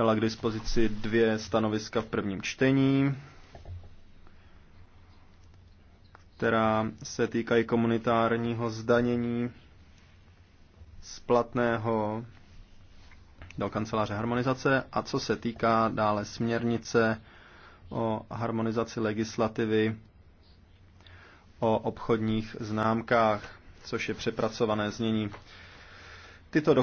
dala k dispozici dvě stanoviska v prvním čtení, která se týkají komunitárního zdanění splatného do kanceláře harmonizace a co se týká dále směrnice o harmonizaci legislativy o obchodních známkách, což je přepracované znění. Tyto